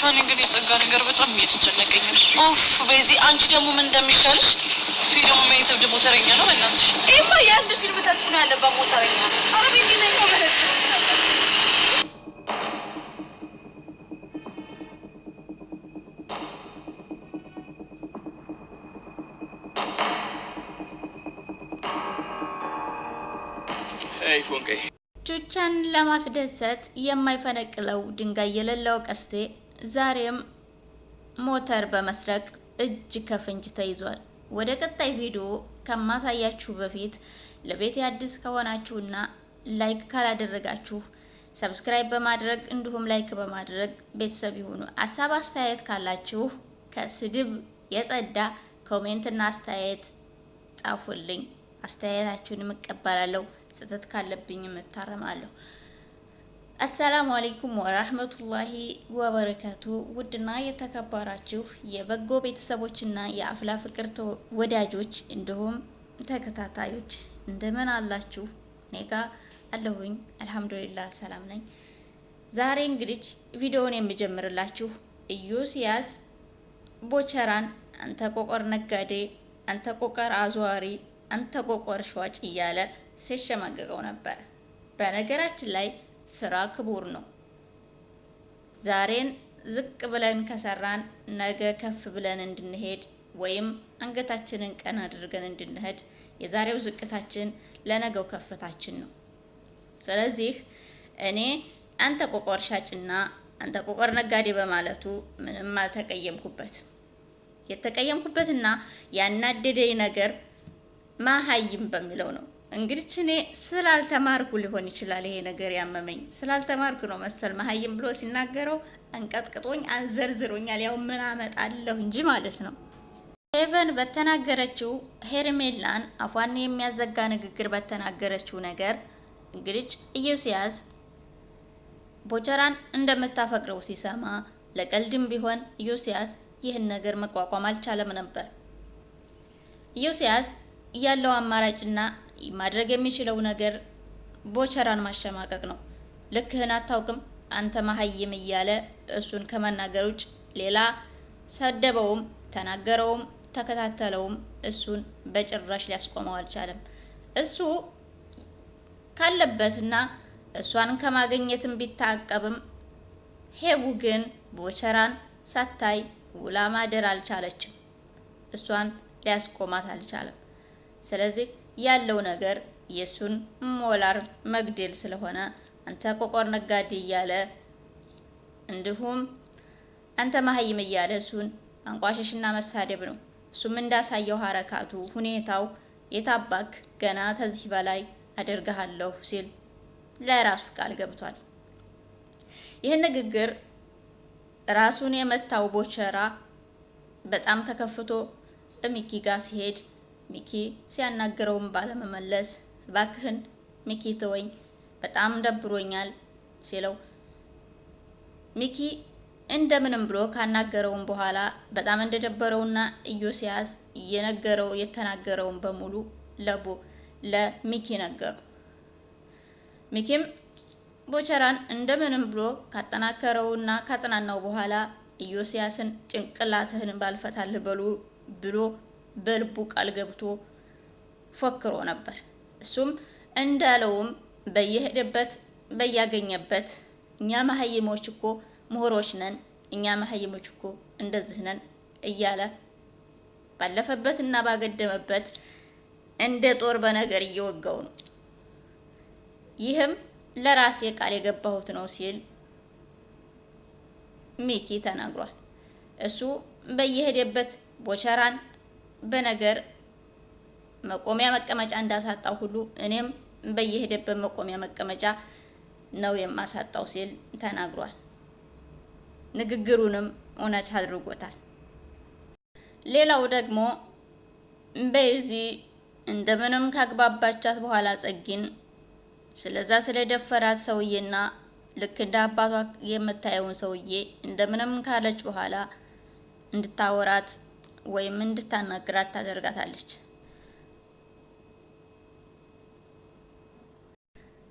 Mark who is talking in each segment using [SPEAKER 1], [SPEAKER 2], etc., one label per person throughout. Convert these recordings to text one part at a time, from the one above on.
[SPEAKER 1] ብቻ ግን የጸጋ ነገር በጣም እየተጨነቀኝ ነው።
[SPEAKER 2] ኡፍ በዚህ አንቺ ደግሞ ምን እንደሚሻልሽ
[SPEAKER 3] ፊልሙ የትብድ ሞተረኛ ነው። በእናትሽ
[SPEAKER 4] ይህማ የአንድ ፊልም ተጽዕኖ ያለባት ሞተረኛ አረቤት ነ
[SPEAKER 5] ቹቻን ለማስደሰት የማይፈነቅለው ድንጋይ የሌለው ቀስቴ ዛሬም ሞተር በመስረቅ እጅ ከፍንጅ ተይዟል። ወደ ቀጣይ ቪዲዮ ከማሳያችሁ በፊት ለቤት አዲስ ከሆናችሁና ላይክ ካላደረጋችሁ ሰብስክራይብ በማድረግ እንዲሁም ላይክ በማድረግ ቤተሰብ ይሁኑ። አሳብ አስተያየት ካላችሁ ከስድብ የጸዳ ኮሜንትና አስተያየት ጻፉልኝ። አስተያየታችሁን እቀበላለሁ። ስህተት ካለብኝም እታረማለሁ። አሰላሙ አሌይኩም ወራህመቱላሂ ወበረካቱ። ውድና የተከበራችሁ የበጎ ቤተሰቦችና የአፍላ ፍቅር ወዳጆች እንዲሁም ተከታታዮች እንደምን አላችሁ? ኔጋ አለሁኝ አልሐምዱሊላህ ሰላም ነኝ። ዛሬ እንግዲህ ቪዲዮውን የምጀምርላችሁ ኢዮስያስ ቦቸራን አንተ ቆቆር ነጋዴ፣ አንተ ቆቆር አዟሪ፣ አንተ ቆቆር ሿጭ እያለ ሲሸማገቀው ነበር። በነገራችን ላይ ስራ ክቡር ነው። ዛሬን ዝቅ ብለን ከሰራን ነገ ከፍ ብለን እንድንሄድ ወይም አንገታችንን ቀና አድርገን እንድንሄድ የዛሬው ዝቅታችን ለነገው ከፍታችን ነው። ስለዚህ እኔ አንተ ቆቆር ሻጭና አንተ ቆቆር ነጋዴ በማለቱ ምንም አልተቀየምኩበት። የተቀየምኩበትና ያናደደኝ ነገር ማሀይም በሚለው ነው። እንግዲህ እኔ ስላልተማርኩ ሊሆን ይችላል ይሄ ነገር ያመመኝ ስላልተማርኩ ነው መሰል መሀይም ብሎ ሲናገረው አንቀጥቅጦኝ አንዘርዝሮኛል። ያው ምን አመጣለሁ እንጂ ማለት ነው። ሄቨን በተናገረችው ሄርሜላን አፏን የሚያዘጋ ንግግር በተናገረችው ነገር እንግዲህ ኢዮስያስ ቦቸራን እንደምታፈቅረው ሲሰማ ለቀልድም ቢሆን ኢዮስያስ ይህን ነገር መቋቋም አልቻለም ነበር። ኢዮስያስ ያለው አማራጭና ማድረግ የሚችለው ነገር ቦቸራን ማሸማቀቅ ነው። ልክህን አታውቅም አንተ መሀይም እያለ እሱን ከመናገር ውጭ ሌላ ሰደበውም፣ ተናገረውም፣ ተከታተለውም እሱን በጭራሽ ሊያስቆመው አልቻለም። እሱ ካለበትና እሷን ከማግኘትም ቢታቀብም ሄቡ ግን ቦቸራን ሳታይ ውላ ማደር አልቻለችም። እሷን ሊያስቆማት አልቻለም። ስለዚህ ያለው ነገር የእሱን ሞላር መግደል ስለሆነ አንተ ቆቆር ነጋዴ እያለ እንዲሁም አንተ መሀይም እያለ እሱን አንቋሸሽና መሳደብ ነው። እሱም እንዳሳየው ሀረካቱ፣ ሁኔታው የታባክ ገና ተዚህ በላይ አደርግሃለሁ ሲል ለራሱ ቃል ገብቷል። ይህን ንግግር ራሱን የመታው ቦቸራ በጣም ተከፍቶ ሚኪ ጋር ሲሄድ ሚኪ ሲያናግረውም ባለመመለስ ባክህን ሚኪ ተወኝ፣ በጣም ደብሮኛል ሲለው ሚኪ እንደምንም ብሎ ካናገረውም በኋላ በጣም እንደደበረውና ኢዮስያስ የነገረው የተናገረውን በሙሉ ለቦ ለሚኪ ነገሩ። ሚኪም ቦቸራን እንደምንም ብሎ ካጠናከረውና ካጽናናው በኋላ ኢዮስያስን ጭንቅላትህን ባልፈታልህ በሉ ብሎ በልቡ ቃል ገብቶ ፎክሮ ነበር። እሱም እንዳለውም በየሄደበት በያገኘበት እኛ መሀይሞች እኮ ምሁሮች ነን፣ እኛ መሀይሞች እኮ እንደዚህ ነን እያለ ባለፈበት እና ባገደመበት እንደ ጦር በነገር እየወጋው ነው። ይህም ለራሴ ቃል የገባሁት ነው ሲል ሚኪ ተናግሯል። እሱ በየሄደበት ቦቸራን በነገር መቆሚያ መቀመጫ እንዳሳጣው ሁሉ እኔም በየሄደበት መቆሚያ መቀመጫ ነው የማሳጣው ሲል ተናግሯል። ንግግሩንም እውነት አድርጎታል። ሌላው ደግሞ በዚህ እንደምንም ካግባባቻት በኋላ ጸጊን ስለዛ ስለደፈራት ሰውዬና ልክ እንደ አባቷ የምታየውን ሰውዬ እንደምንም ካለች በኋላ እንድታወራት ወይም እንድታናግራት ታደርጋታለች።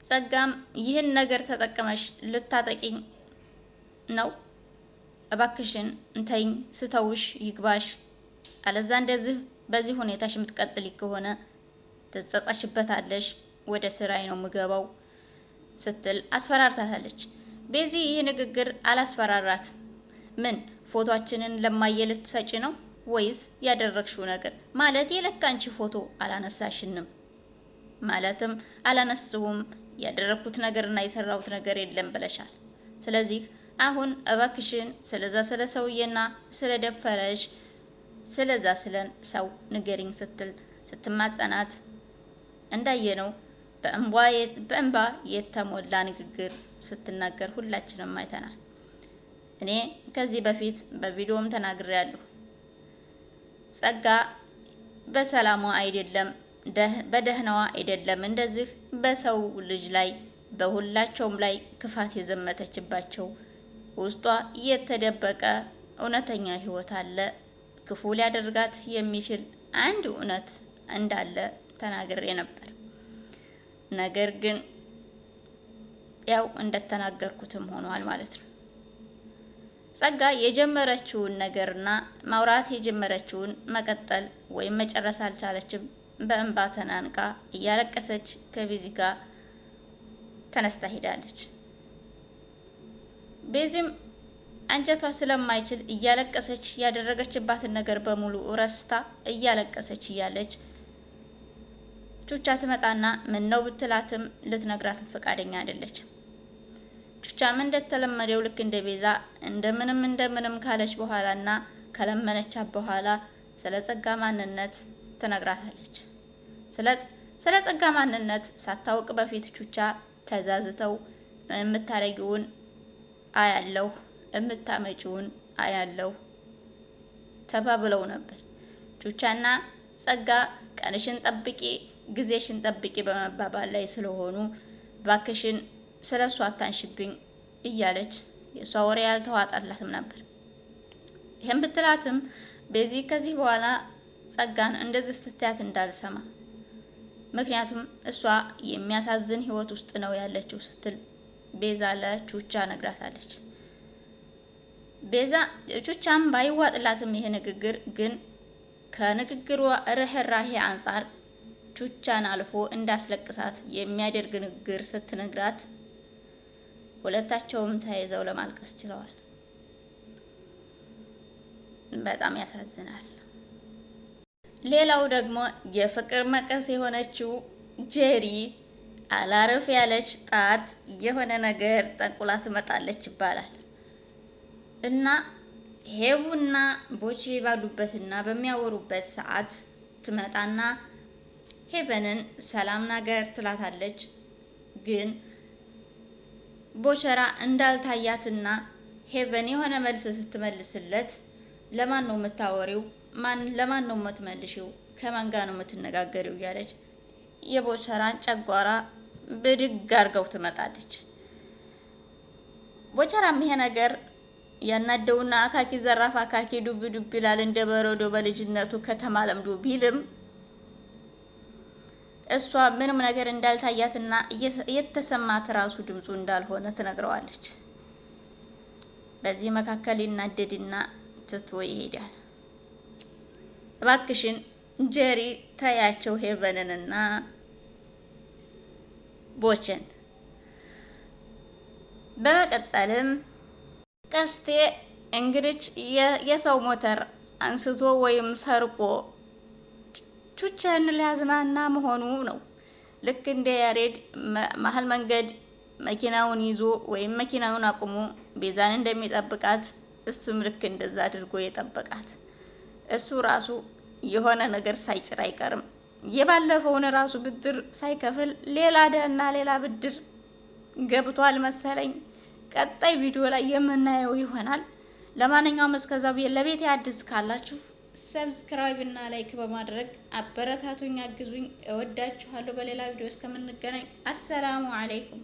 [SPEAKER 5] ጸጋም ይህን ነገር ተጠቅመሽ ልታጠቂኝ ነው፣ እባክሽን እንተኝ፣ ስተውሽ ይግባሽ፣ አለዛ እንደዚህ በዚህ ሁኔታሽ የምትቀጥል ከሆነ ትጸጻሽበታለሽ፣ ወደ ስራዬ ነው የምገባው ስትል አስፈራርታታለች። ቤዚ ይህ ንግግር አላስፈራራት። ምን ፎቶአችንን ለማየ ልትሰጪ ነው ወይስ ያደረግሽው ነገር ማለት የለካንቺ ፎቶ አላነሳሽንም? ማለትም አላነስውም ያደረግኩት ነገርና የሰራሁት ነገር የለም ብለሻል። ስለዚህ አሁን እባክሽን ስለዛ ስለ ሰውዬና ስለ ደፈረሽ ስለዛ ስለ ሰው ንገሪኝ ስትል ስትማጸናት እንዳየነው በእንባ የተሞላ ንግግር ስትናገር ሁላችንም አይተናል። እኔ ከዚህ በፊት በቪዲዮም ተናግሬያለሁ። ጸጋ በሰላሟ አይደለም በደህናዋ አይደለም እንደዚህ በሰው ልጅ ላይ በሁላቸውም ላይ ክፋት የዘመተችባቸው ውስጧ የተደበቀ እውነተኛ ህይወት አለ። ክፉ ሊያደርጋት የሚችል አንድ እውነት እንዳለ ተናግሬ ነበር። ነገር ግን ያው እንደተናገርኩትም ሆኗል ማለት ነው። ጸጋ የጀመረችውን ነገርና ማውራት የጀመረችውን መቀጠል ወይም መጨረስ አልቻለችም። በእንባ ተናንቃ እያለቀሰች ከቤዚ ጋር ተነስታ ሄዳለች። ቤዚም አንጀቷ ስለማይችል እያለቀሰች ያደረገችባትን ነገር በሙሉ ረስታ እያለቀሰች እያለች ቹቻ ትመጣና ምን ነው ብትላትም ልትነግራት ፈቃደኛ አይደለችም። ብቻም እንደተለመደው ልክ እንደ ቤዛ እንደምንም እንደምንም ካለች በኋላና ከለመነቻት በኋላ ስለ ጸጋ ማንነት ትነግራታለች። ስለ ጸጋ ማንነት ሳታውቅ በፊት ቹቻ ተዛዝተው የምታረጊውን አያለሁ የምታመጪውን አያለሁ ተባብለው ነበር። ቹቻና ጸጋ ቀንሽን ጠብቂ፣ ጊዜሽን ጠብቂ በመባባል ላይ ስለሆኑ ባክሽን ስለ እሷ አታንሽብኝ እያለች የእሷ ወሬ ያልተዋጣላትም ነበር። ይህም ብትላትም በዚህ ከዚህ በኋላ ጸጋን እንደዚህ ስትታያት እንዳልሰማ ምክንያቱም እሷ የሚያሳዝን ህይወት ውስጥ ነው ያለችው ስትል ቤዛ ለቹቻ ነግራታለች። ቤዛ ቹቻም ባይዋጥላትም ይሄ ንግግር ግን ከንግግሯ ርህራሄ አንጻር ቹቻን አልፎ እንዳስለቅሳት የሚያደርግ ንግግር ስትነግራት ሁለታቸውም ተያይዘው ለማልቀስ ችለዋል። በጣም ያሳዝናል። ሌላው ደግሞ የፍቅር መቀስ የሆነችው ጀሪ አላረፍ ያለች ጣት የሆነ ነገር ጠንቁላ ትመጣለች ይባላል እና ሄቡና ቦቺ ባሉበትና በሚያወሩበት ሰዓት ትመጣና ሄቨንን ሰላም ነገር ትላታለች ግን ቦቸራ እንዳልታያትና ሄቨን የሆነ መልስ ስትመልስለት ለማን ነው የምታወሪው? ማን ለማን ነው የምትመልሽው? ከማን ጋር ነው የምትነጋገሪው? እያለች የቦቸራን ጨጓራ ብድግ አርገው ትመጣለች። ቦቸራም ይሄ ነገር ያናደውና አካኪ ዘራፍ አካኪ ዱብ ዱብ ይላል እንደ በረዶ በልጅነቱ ከተማ ለምዶ ቢልም እሷ ምንም ነገር እንዳልታያትና የተሰማት ራሱ ድምፁ እንዳልሆነ ትነግረዋለች። በዚህ መካከል ይናደድና ትቶ ይሄዳል። እባክሽን ጀሪ ታያቸው ሄቨንንና ቦቸን። በመቀጠልም ቀስቴ እንግዲህ የሰው ሞተር አንስቶ ወይም ሰርቆ ቹቻን ሊያዝናና መሆኑ ነው። ልክ እንደ ያሬድ መሀል መንገድ መኪናውን ይዞ ወይም መኪናውን አቁሞ ቤዛን እንደሚጠብቃት እሱም ልክ እንደዛ አድርጎ የጠበቃት እሱ ራሱ የሆነ ነገር ሳይጭር አይቀርም። የባለፈውን ራሱ ብድር ሳይከፍል ሌላ ደህና ሌላ ብድር ገብቷል መሰለኝ። ቀጣይ ቪዲዮ ላይ የምናየው ይሆናል። ለማንኛውም እስከዛው ለቤት አዲስ ካላችሁ ሰብስክራይብ እና ላይክ በማድረግ አበረታቱኝ፣ አግዙኝ። እወዳችኋለሁ። በሌላ ቪዲዮ እስከምንገናኝ አሰላሙ አለይኩም።